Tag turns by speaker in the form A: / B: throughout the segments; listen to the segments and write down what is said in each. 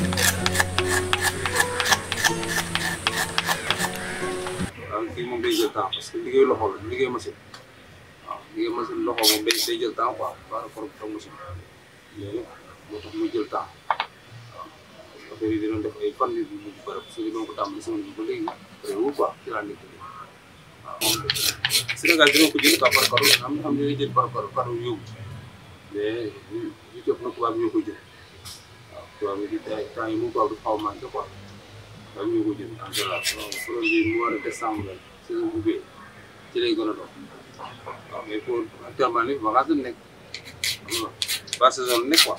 A: waaw kii moom day jël temps parce que liggéey loxo la liggéey machine waaw liggéey machine loxo moom day day jël temps ak taw machine loolu moo tax muy jël temps parce que ñu ko tàmbali semaine bi ba léegi réewu quoi ci laa nekk waaw Sénégal ko jël quoi par par am am jël par par par yóbbu mais ñu jot na tubaab ñoo koy jël tubaab yi di jaay temps yi mu gaaw du xaw a manqué quoi ba ñu ko jënd en général projet mu war a décembre saison bu bee ci lay gën a dox waaw mais pour actuellement nii vacances nekk xam nga ba saison nekk quoi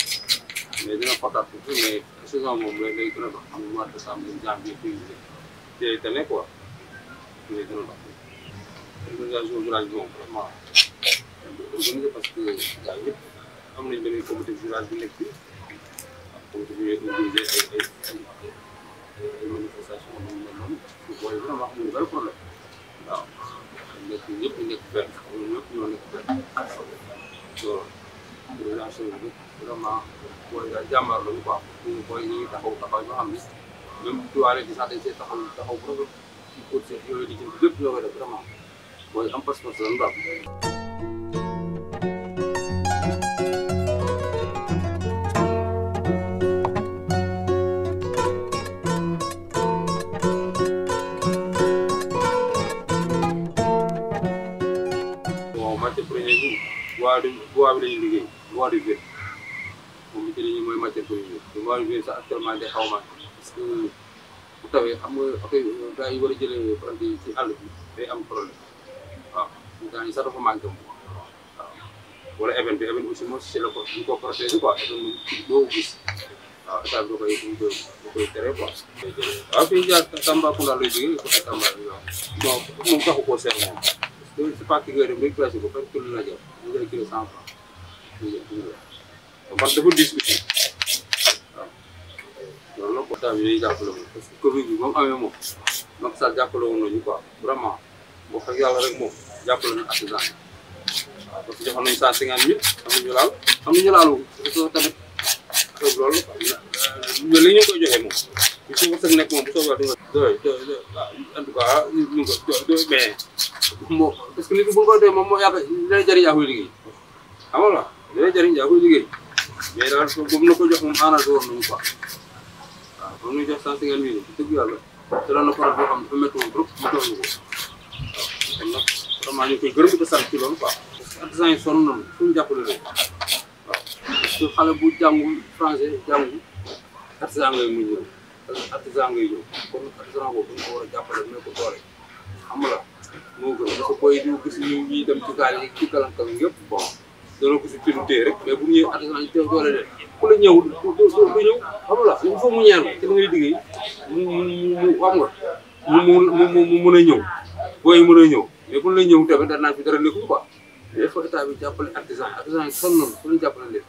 A: mais dina xotaat tuuti mais saison boobu lay lay gën a dox xam nga mois de décembre janvier février ci lay tane quoi ci lay gën a dox organisation village boobu vraiment organiser parce que gars yëpp am nañ benn comité village bi nekk fii donc ñu ngi organiser ay ay ay manifestations yu mel noonu booy vraiment amuñu benn problème waaw nekk ñëpp ñu nekk benn ñëpp ñoo nekk benn relation bi vraiment booy daal jàmbaar lañu quoi ñu booy ñu ngi taxaw taxaw ñu xam ni même tuwaale bi sax dañ see taxaw taxaw problème ci côté yooyu di jëm lépp ñoo koy def vraiment booy am pas-pas lañu baax bois bi bois bi la ñuy liggéey bois de verre moom itamit nii mooy matière première te bois de verre sax actuellement day xaw a parce que bu tawee xam nga ok euh, gars yi war a jëlee euh, plante yi ci àll bi day am problème waaw gars yi sax dafa manqué moom waaw wala even bi even aussi moom si la ko ñu ko protéger quoi even moom doo gis waaw état bi da koy da koy tere quoi. waaw fii jaar Tambacounda lay jógee côté Tamba bi waaw. non moom taxu koo seet moom. loolu si pàcc yooyu rek ba ñu ba kilo la jël ñu jël kilo cent franc man dafa discuté waaw loolu la bi dañuy jàppale moom parce que Covid bi ba mu amee moom Macky Sall jàppale woon nañu quoi vraiment boo xam yàlla rek moom jàppale na artisan yi waaw parce que joxoon nañu cent cinquante mille amuñu laal amuñu laalu parce que tamit la li ñu koy joxee moom. li si wërsëg nekk moom bu soobee du nga doy doy moo parce nit ki bu moom moo yàq li lay jëriñ yaa koy liggéey xam nga li lay jëriñ ko jox moom aana doon nañu quoi waaw ba mu jox cent cinquante mille dëgg yàlla te doon na ko boo xam dafa métti woon trop mu toog ñu ko waaw kon nag vraiment ñu koy gërëm di ko sant yi sonn nañu fu ñu jàppale waaw parce que xale bu jàngul français ngay muñ ñëw artisan ngay ñëw kon artisan boobu dañ ko war a jàppale mais ko doole xam nga moo gën parce que booy ñu gis ñu ñuy dem ci gaal yi ci kalankal yëpp rek mais bu ñu ñëwee artisan yi teel doole de ku la ñëw du ñëw xam nga il mu ñaan ci li ngay liggéey mu mu mu xam nga mu mu mu mën a ñëw booy mën a ñëw mais bu ñu la ñëw tamit dara naan fi dara nekkul quoi mais